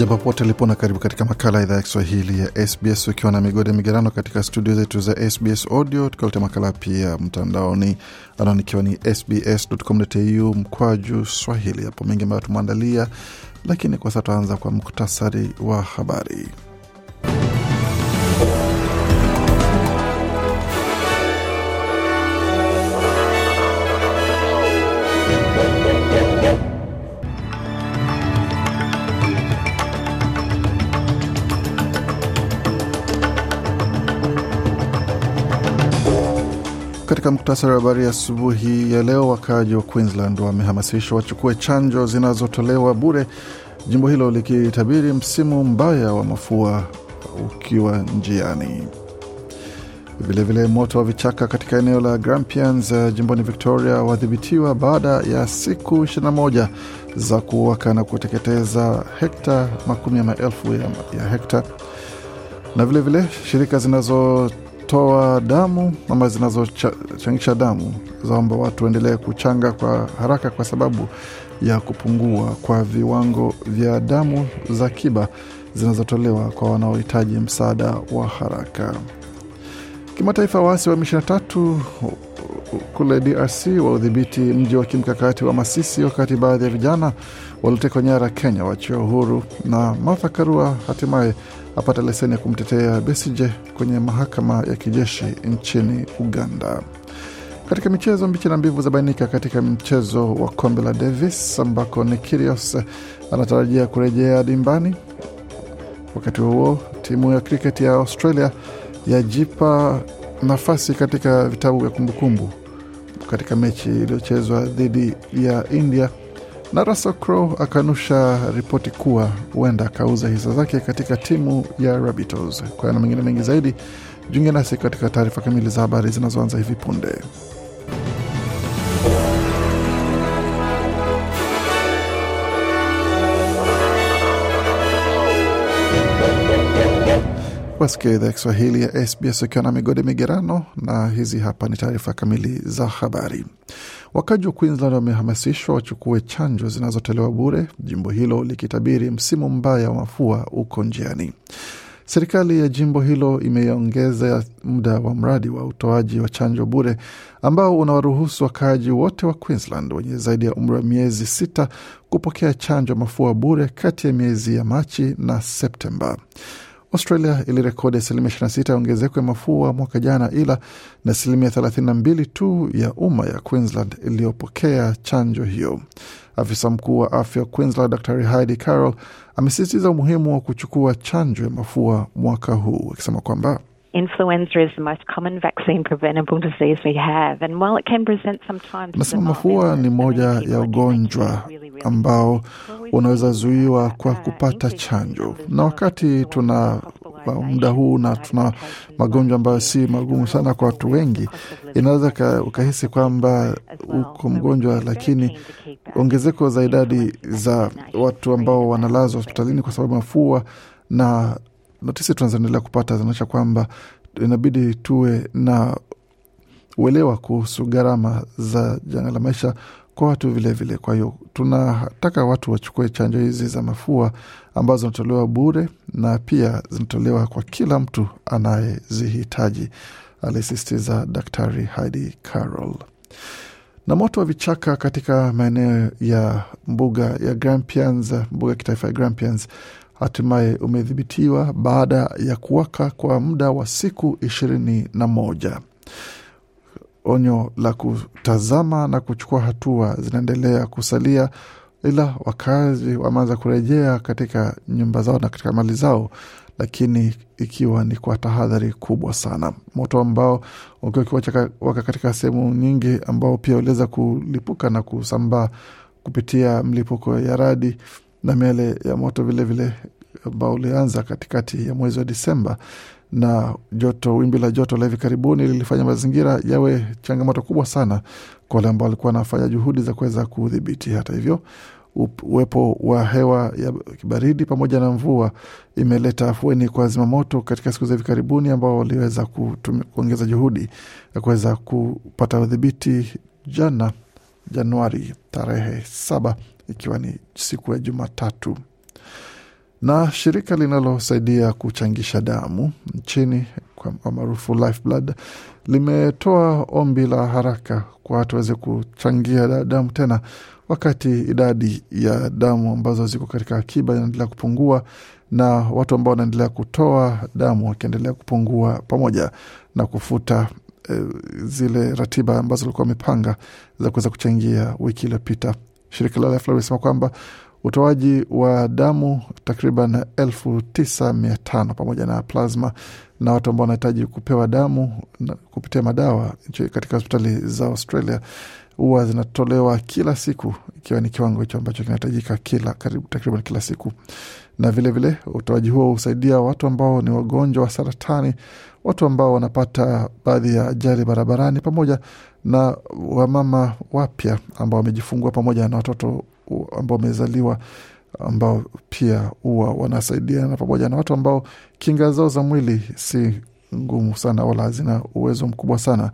Jambo pote lipona, karibu katika makala ya idhaa ya Kiswahili ya SBS ukiwa na migode migerano katika studio zetu za SBS Audio, tukaleta makala pia mtandaoni, anaonikiwa ni sbscu mkwaju swahili. Hapo mengi ambayo tumeandalia, lakini kwa sasa tuaanza kwa muktasari wa habari. katika muktasari wa habari asubuhi ya, ya leo, wakaaji wa Queensland wamehamasishwa wachukue chanjo zinazotolewa bure, jimbo hilo likitabiri msimu mbaya wa mafua ukiwa njiani. Vilevile, moto wa vichaka katika eneo la Grampians eh, jimboni Victoria wadhibitiwa baada ya siku 21 za kuwaka na kuteketeza hekta makumi ya maelfu ya, ya hekta na vilevile vile, shirika zinazo zinazotoa damu ama zinazochangisha damu za watu waendelee kuchanga kwa haraka kwa sababu ya kupungua kwa viwango vya damu za kiba zinazotolewa kwa wanaohitaji msaada wa haraka. Kimataifa, waasi wa na tatu kule DRC waudhibiti mji wa kimkakati wa Masisi, wakati baadhi ya vijana waliotekwa nyara Kenya wachiwa uhuru, na Martha Karua hatimaye apata leseni ya kumtetea Besije kwenye mahakama ya kijeshi nchini Uganda. Katika michezo, mbichi na mbivu zabainika katika mchezo wa kombe la Davis ambako ni Kyrgios anatarajia kurejea dimbani. Wakati huo timu ya kriketi ya Australia yajipa nafasi katika vitabu vya kumbukumbu katika mechi iliyochezwa dhidi ya India, na Russell Crowe akanusha ripoti kuwa huenda akauza hisa zake katika timu ya Rabbitohs. Kwa na mengine mengi zaidi, jiunge nasi katika taarifa kamili za habari zinazoanza hivi punde. Wasikia idhaa ya Kiswahili ya SBS ukiwa na migode migerano, na hizi hapa ni taarifa kamili za habari. Wakaji wa Queensland wamehamasishwa wachukue chanjo zinazotolewa bure, jimbo hilo likitabiri msimu mbaya wa mafua uko njiani. Serikali ya jimbo hilo imeongeza muda wa mradi wa utoaji wa chanjo bure ambao unawaruhusu wakaaji wote wa Queensland wenye zaidi ya umri wa miezi sita kupokea chanjo mafua bure kati ya miezi ya Machi na Septemba. Australia ilirekodi asilimia 26 ya ongezeko ya mafua mwaka jana, ila na asilimia 32 tu ya umma ya Queensland iliyopokea chanjo hiyo. Afisa mkuu wa afya Queensland, Dr Heidi Carroll, amesisitiza umuhimu wa kuchukua chanjo ya mafua mwaka huu akisema kwamba Nasema mafua ni moja ya ugonjwa ambao unaweza zuiwa kwa kupata chanjo, na wakati tuna uh, muda huu na tuna magonjwa ambayo si magumu sana kwa watu wengi, inaweza ukahisi kwamba uko mgonjwa, lakini ongezeko za idadi za watu ambao wanalazwa hospitalini kwa sababu mafua na notisi tunazoendelea kupata zinaonyesha kwamba inabidi tuwe na uelewa kuhusu gharama za janga la maisha kwa watu vilevile. Kwa hiyo tunataka watu wachukue chanjo hizi za mafua ambazo zinatolewa bure na pia zinatolewa kwa kila mtu anayezihitaji, alisisitiza Daktari Heidi Carol. Na moto wa vichaka katika maeneo ya mbuga ya Grampians, mbuga ya kitaifa ya Grampians hatimaye umedhibitiwa baada ya kuwaka kwa muda wa siku ishirini na moja onyo la kutazama na kuchukua hatua zinaendelea kusalia, ila wakazi wameanza kurejea katika nyumba zao na katika mali zao, lakini ikiwa ni kwa tahadhari kubwa sana. Moto ambao ukiwaka katika sehemu nyingi, ambao pia uliweza kulipuka na kusambaa kupitia mlipuko ya radi na miale ya moto vilevile, ambao ulianza katikati ya mwezi wa Disemba na joto, wimbi la joto la hivi karibuni lilifanya mazingira yawe changamoto kubwa sana kwa wale ambao walikuwa wanafanya juhudi za kuweza kudhibiti. Hata hivyo, uwepo wa hewa ya baridi pamoja na mvua imeleta afueni kwa zimamoto katika siku za hivi karibuni, ambao waliweza kuongeza juhudi ya kuweza kupata udhibiti jana Januari tarehe saba ikiwa ni siku ya Jumatatu na shirika linalosaidia kuchangisha damu nchini kwa maarufu Lifeblood limetoa ombi la haraka kwa watu waweze kuchangia damu tena, wakati idadi ya damu ambazo ziko katika akiba inaendelea kupungua na watu ambao wanaendelea kutoa damu wakiendelea kupungua, pamoja na kufuta e, zile ratiba ambazo walikuwa wamepanga za kuweza kuchangia wiki iliyopita. Shirika la Lifeblood limesema kwamba utoaji wa damu takriban elfu tisa mia tano pamoja na plasma na watu ambao wanahitaji kupewa damu kupitia madawa katika hospitali za Australia huwa zinatolewa kila siku, ikiwa ni kiwango hicho ambacho kinahitajika kila takriban kila siku. Na vilevile utoaji huo husaidia watu ambao ni wagonjwa wa saratani, watu ambao wanapata baadhi ya ajali barabarani, pamoja na wamama wapya ambao wamejifungua, pamoja na watoto ambao wamezaliwa ambao pia huwa wanasaidiana pamoja na watu ambao kinga zao za mwili si ngumu sana wala hazina uwezo mkubwa sana,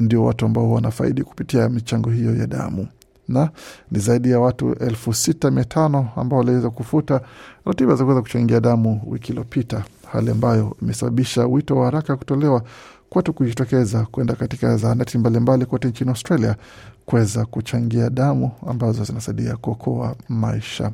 ndio watu ambao wanafaidi kupitia michango hiyo ya damu na ni zaidi ya watu elfu sita mia tano ambao waliweza kufuta ratiba za kuweza kuchangia damu wiki iliyopita, hali ambayo imesababisha wito wa haraka kutolewa kwetu kujitokeza kwenda katika zahanati mbalimbali kote nchini Australia kuweza kuchangia damu ambazo zinasaidia kuokoa maisha.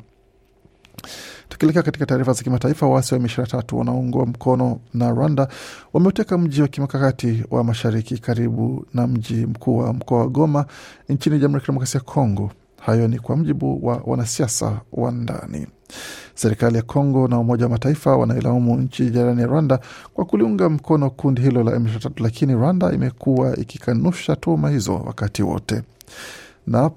Tukielekea katika taarifa za kimataifa, waasi wa M23 wanaungwa mkono na Rwanda wameuteka mji wa kimkakati wa mashariki karibu na mji mkuu wa mkoa wa Goma nchini Jamhuri ya Kidemokrasia ya Kongo. Hayo ni kwa mjibu wa wanasiasa wa ndani. Serikali ya Kongo na Umoja wa Mataifa wanailaumu nchi jirani ya Rwanda kwa kuliunga mkono kundi hilo la M23, lakini Rwanda imekuwa ikikanusha tuhuma hizo wakati wote na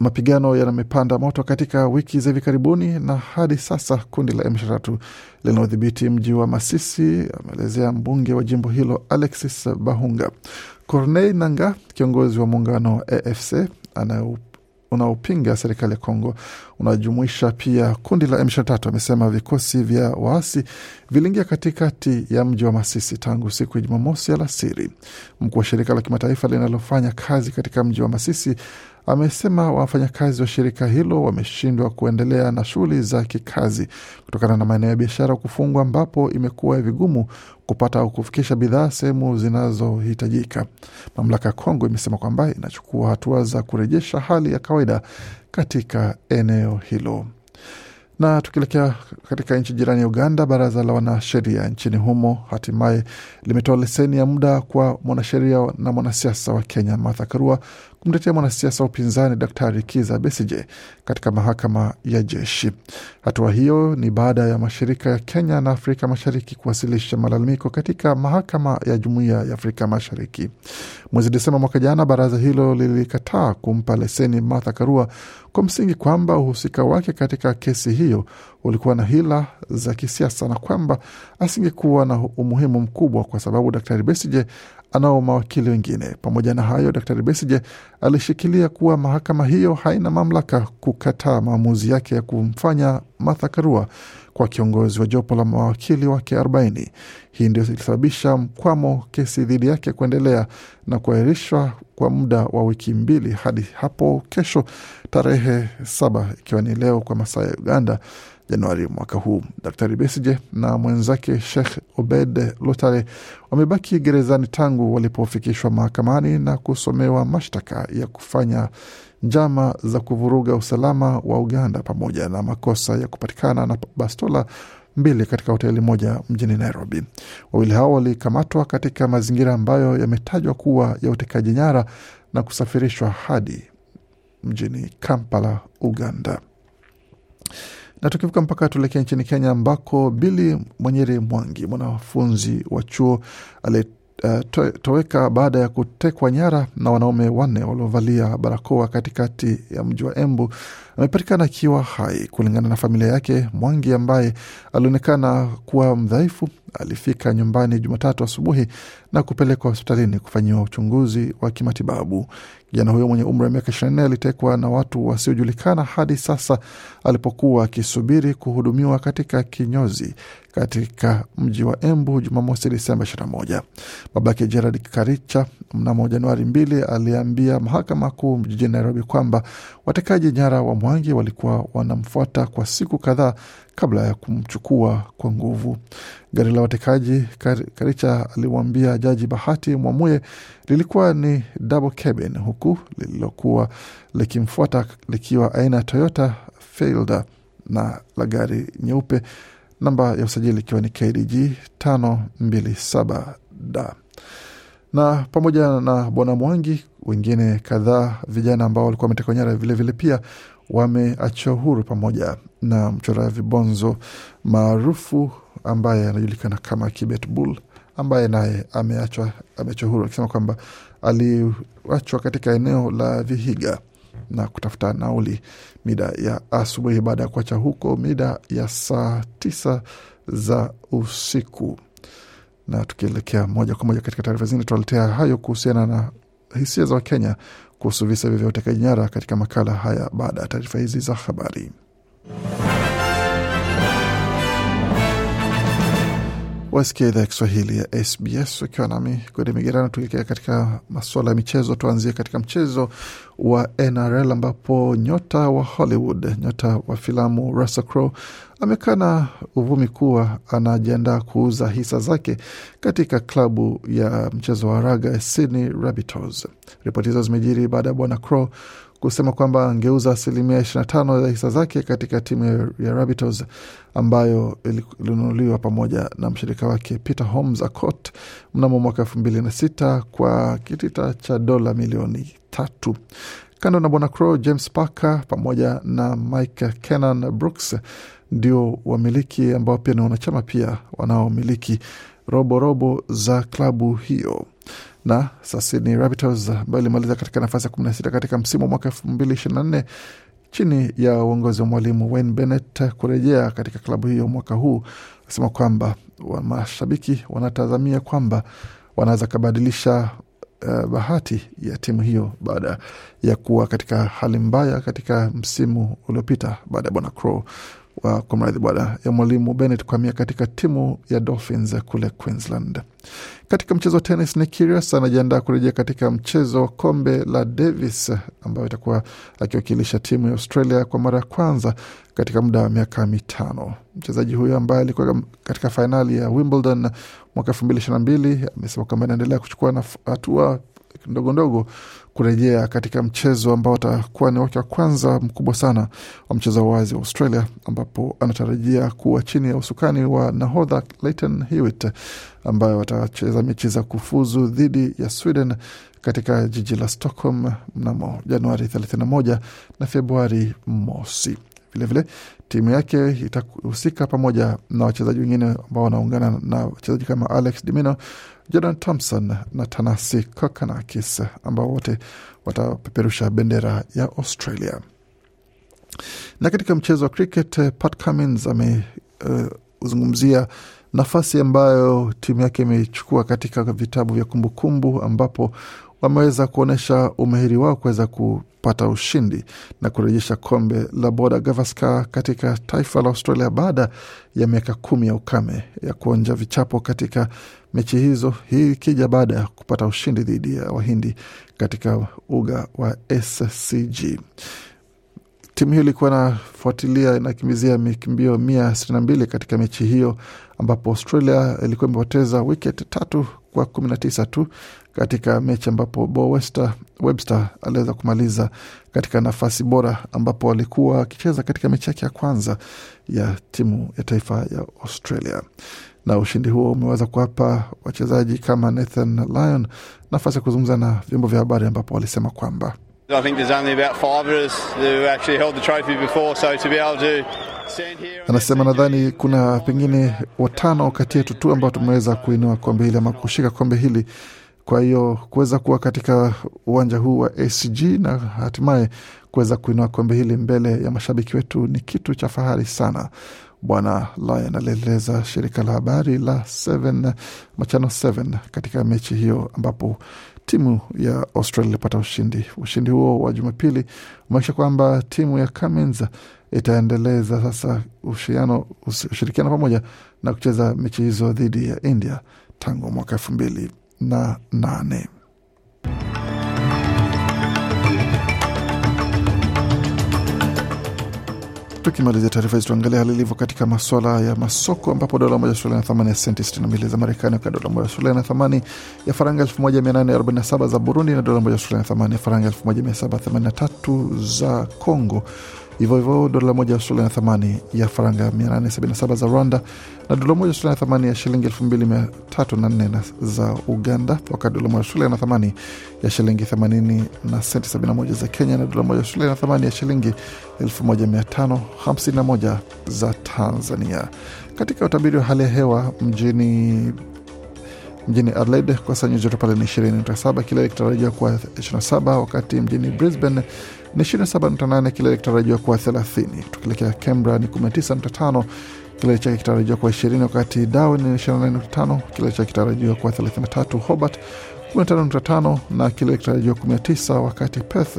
mapigano yamepanda moto katika wiki za hivi karibuni, na hadi sasa kundi la M23 linaodhibiti mji wa Masisi, ameelezea mbunge wa jimbo hilo Alexis Bahunga. Corneille Nanga, kiongozi wa muungano wa AFC anayo unaopinga serikali ya Kongo unajumuisha pia kundi la M23. Amesema vikosi vya waasi viliingia katikati ya mji wa Masisi tangu siku ya Jumamosi alasiri. Mkuu wa shirika la kimataifa linalofanya kazi katika mji wa Masisi amesema wafanyakazi wa shirika hilo wameshindwa kuendelea na shughuli za kikazi kutokana na maeneo ya biashara kufungwa, ambapo imekuwa vigumu kupata au kufikisha bidhaa sehemu zinazohitajika. Mamlaka ya Kongo imesema kwamba inachukua hatua za kurejesha hali ya kawaida katika eneo hilo. Na tukielekea katika nchi jirani ya Uganda, baraza la wanasheria nchini humo hatimaye limetoa leseni ya muda kwa mwanasheria na mwanasiasa wa Kenya Martha Karua kumtetea mwanasiasa wa upinzani Daktari Kiza Besije katika mahakama ya jeshi. Hatua hiyo ni baada ya mashirika ya Kenya na Afrika Mashariki kuwasilisha malalamiko katika mahakama ya Jumuiya ya Afrika Mashariki. Mwezi Desemba mwaka jana, baraza hilo lilikataa kumpa leseni Martha Karua kwa msingi kwamba uhusika wake katika kesi hiyo ulikuwa na hila za kisiasa na kwamba asingekuwa na umuhimu mkubwa kwa sababu Daktari Besije anao mawakili wengine. Pamoja na hayo, Daktari Besije alishikilia kuwa mahakama hiyo haina mamlaka kukataa maamuzi yake ya kumfanya Martha Karua kwa kiongozi wa jopo la mawakili wake 40. Hii ndio ilisababisha mkwamo kesi dhidi yake kuendelea na kuahirishwa kwa muda wa wiki mbili hadi hapo kesho tarehe saba, ikiwa ni leo kwa masaa ya Uganda Januari mwaka huu. Daktari Besije na mwenzake shekh Obed Lotale wamebaki gerezani tangu walipofikishwa mahakamani na kusomewa mashtaka ya kufanya njama za kuvuruga usalama wa Uganda pamoja na makosa ya kupatikana na bastola mbili katika hoteli moja mjini Nairobi. Wawili hao walikamatwa katika mazingira ambayo yametajwa kuwa ya utekaji nyara na kusafirishwa hadi mjini Kampala, Uganda. Na tukivuka mpaka tuelekea nchini Kenya ambako Bili Mwenyeri Mwangi, mwanafunzi wa chuo alitoweka eh, uh, baada ya kutekwa nyara na wanaume wanne waliovalia barakoa katikati ya mji wa Embu amepatikana akiwa hai. Kulingana na familia yake, Mwangi ambaye alionekana kuwa mdhaifu alifika nyumbani Jumatatu asubuhi na kupelekwa hospitalini kufanyiwa uchunguzi wa kimatibabu. Kijana huyo mwenye umri wa miaka 24 alitekwa na watu wasiojulikana hadi sasa alipokuwa akisubiri kuhudumiwa katika kinyozi katika mji wa Embu Jumamosi, Disemba 21. Baba yake Gerard Karicha mnamo Januari 2 aliambia mahakama kuu jijini Nairobi kwamba watekaji nyara wa Mwangi walikuwa wanamfuata kwa siku kadhaa kabla ya kumchukua kwa nguvu. Gari la watekaji Karicha aliwaambia jaji Bahati Mwamuye lilikuwa ni double cabin, huku lililokuwa likimfuata likiwa aina ya Toyota Fielder na la gari nyeupe namba ya usajili ikiwa ni KDG 527D na pamoja na bwana Mwangi wengine kadhaa vijana ambao walikuwa wametekwa nyara vilevile pia wameachiwa huru pamoja na mchora vibonzo maarufu ambaye anajulikana kama Kibet Bull ambaye naye ameachwa ameachwa huru akisema kwamba aliachwa katika eneo la Vihiga na kutafuta nauli mida ya asubuhi baada ya kuacha huko mida ya saa tisa za usiku. Na tukielekea moja kwa moja katika taarifa zingine, tunaletea hayo kuhusiana na hisia za Wakenya kuhusu visa vya utekaji nyara katika makala haya baada ya taarifa hizi za habari. Wasikia idhaa ya Kiswahili ya SBS ukiwa nami Gode Migerano, tukielekea katika masuala ya michezo. Tuanzie katika mchezo wa NRL ambapo nyota wa Hollywood, nyota wa filamu Russell Crowe amekana uvumi kuwa anajiandaa kuuza hisa zake katika klabu ya mchezo wa raga Sydney Rabbitohs. Ripoti hizo zimejiri baada ya bwana Crowe kusema kwamba angeuza asilimia 25 ya hisa zake katika timu ya Rabbitohs ambayo ilinunuliwa pamoja na mshirika wake Peter Holmes Accord mnamo mwaka sita kwa kitita cha dola milioni tatu. Kando na bwana Crow, James Parker pamoja na Mike Kenan Brooks ndio wamiliki ambao pia ni wanachama pia wanaomiliki roborobo robo za klabu hiyo na sasa ni Rabbitohs ambayo ilimaliza katika nafasi ya sita katika msimu mwaka nne chini ya uongozi wa mwalimu Wayne Bennett kurejea katika klabu hiyo mwaka huu, asema kwamba wa mashabiki wanatazamia kwamba wanaweza kabadilisha uh, eh, bahati ya timu hiyo baada ya kuwa katika hali mbaya katika msimu uliopita baada ya bwana Crow wa kwa mradhi bwana ya mwalimu Bennett kuhamia katika timu ya Dolphins kule Queensland. Katika mchezo wa tenis, Nick Kyrgios anajiandaa kurejea katika mchezo kombe la Davis ambayo itakuwa akiwakilisha timu ya Australia kwa mara ya kwanza katika muda wa miaka mitano. Mchezaji huyo ambaye alikuwa katika fainali ya Wimbledon mwaka elfu mbili ishirini na mbili amesema kwamba anaendelea kuchukua hatua ndogo ndogo kurejea katika mchezo ambao atakuwa ni wake wa kwanza mkubwa sana wa mchezo wazi wa Australia, ambapo anatarajia kuwa chini ya usukani wa nahodha Leighton Hewitt ambayo watacheza mechi za kufuzu dhidi ya Sweden katika jiji la Stockholm mnamo Januari 31 na Februari mosi. Vilevile timu yake itahusika pamoja na wachezaji wengine ambao wanaungana na wachezaji kama Alex Dimino, Jordan Thompson na Tanasi Kokanakis ambao wote watapeperusha bendera ya Australia. Na katika mchezo wa cricket, Pat Cummins amezungumzia uh, nafasi ambayo timu yake imechukua katika vitabu vya kumbukumbu ambapo wameweza kuonyesha umahiri wao kuweza kupata ushindi na kurejesha kombe la Boda Gavaska katika taifa la Australia baada ya miaka kumi ya ukame ya kuonja vichapo katika mechi hizo, hii ikija baada ya kupata ushindi dhidi ya Wahindi katika uga wa SCG. Timu hiyo ilikuwa inafuatilia inakimbizia mikimbio mia sitini na mbili katika mechi hiyo ambapo Australia ilikuwa imepoteza wiket tatu kwa kumi na tisa tu katika mechi ambapo Bo Webster, Webster aliweza kumaliza katika nafasi bora ambapo alikuwa akicheza katika mechi yake ya kwanza ya timu ya taifa ya Australia na ushindi huo umeweza kuwapa wachezaji kama Nathan Lyon nafasi ya kuzungumza na vyombo vya habari ambapo walisema kwamba anasema nadhani kuna pengine watano kati yetu tu ambao tumeweza kuinua kombe hili ama kushika kombe hili kwa hiyo kuweza kuwa katika uwanja huu wa ACG na hatimaye kuweza kuinua kombe hili mbele ya mashabiki wetu ni kitu cha fahari sana. Bwana Lyon alieleza shirika la habari la machano 7 katika mechi hiyo ambapo timu ya Australia ilipata ushindi. Ushindi huo wa Jumapili umeonyesha kwamba timu ya Cummins itaendeleza sasa ushiriano, ushirikiano pamoja na kucheza mechi hizo dhidi ya India tangu mwaka elfu mbili na nane. Tukimalizia taarifa hizi, tuangalia hali ilivyo katika maswala ya masoko, ambapo dola moja shule na thamani ya senti 62 za Marekani, wakati dola moja shule na thamani ya faranga 1847 za Burundi, na dola moja shule na thamani ya faranga 1783 za Congo Hivyo hivyo dola moja ya Australia na thamani ya faranga 877 za Rwanda na dola moja ya na thamani ya shilingi 2304 za Uganda, wakati dola moja ya na thamani ya shilingi 80 na senti 71 za Kenya na dola moja ya na thamani ya shilingi 1551 za Tanzania. Katika utabiri wa hali ya hewa mjini Mjini Adelaide kwa nyuzi joto pale ni 27, kilele kitarajiwa kuwa 27, wakati mjini Brisbane ni 27.8, kilele kitarajiwa kuwa 30. Tukielekea Canberra ni 19.5, kilele chake kitarajiwa kuwa 20, wakati Darwin ni 28.5, kilele chake kitarajiwa kuwa 33, Hobart 15.5 na kilele kitarajiwa 19, wakati Perth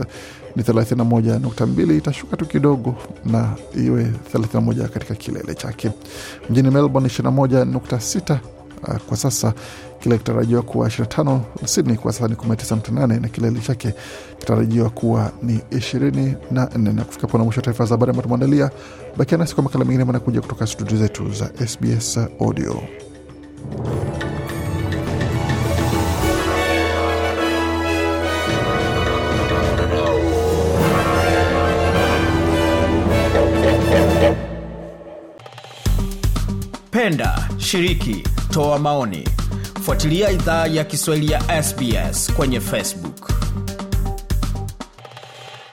ni 31.2 itashuka tu kidogo na iwe 31 katika kilele chake. Mjini Melbourne 21.6 Ah, kwa sasa kile kitarajiwa kuwa 25 Sydney kwa sasa ni 19.8 na kilele chake kitarajiwa kuwa ni 24. Na kufika pona mwisho wa taarifa za habari ambayo tumeandalia. Bakia nasi kwa makala mengine manakuja kutoka studio zetu za SBS Audio. Penda, shiriki kutoa maoni fuatilia idhaa ya kiswahili ya sbs kwenye facebook